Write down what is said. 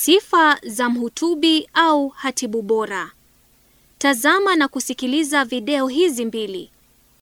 Sifa za mhutubi au hatibu bora. Tazama na kusikiliza video hizi mbili.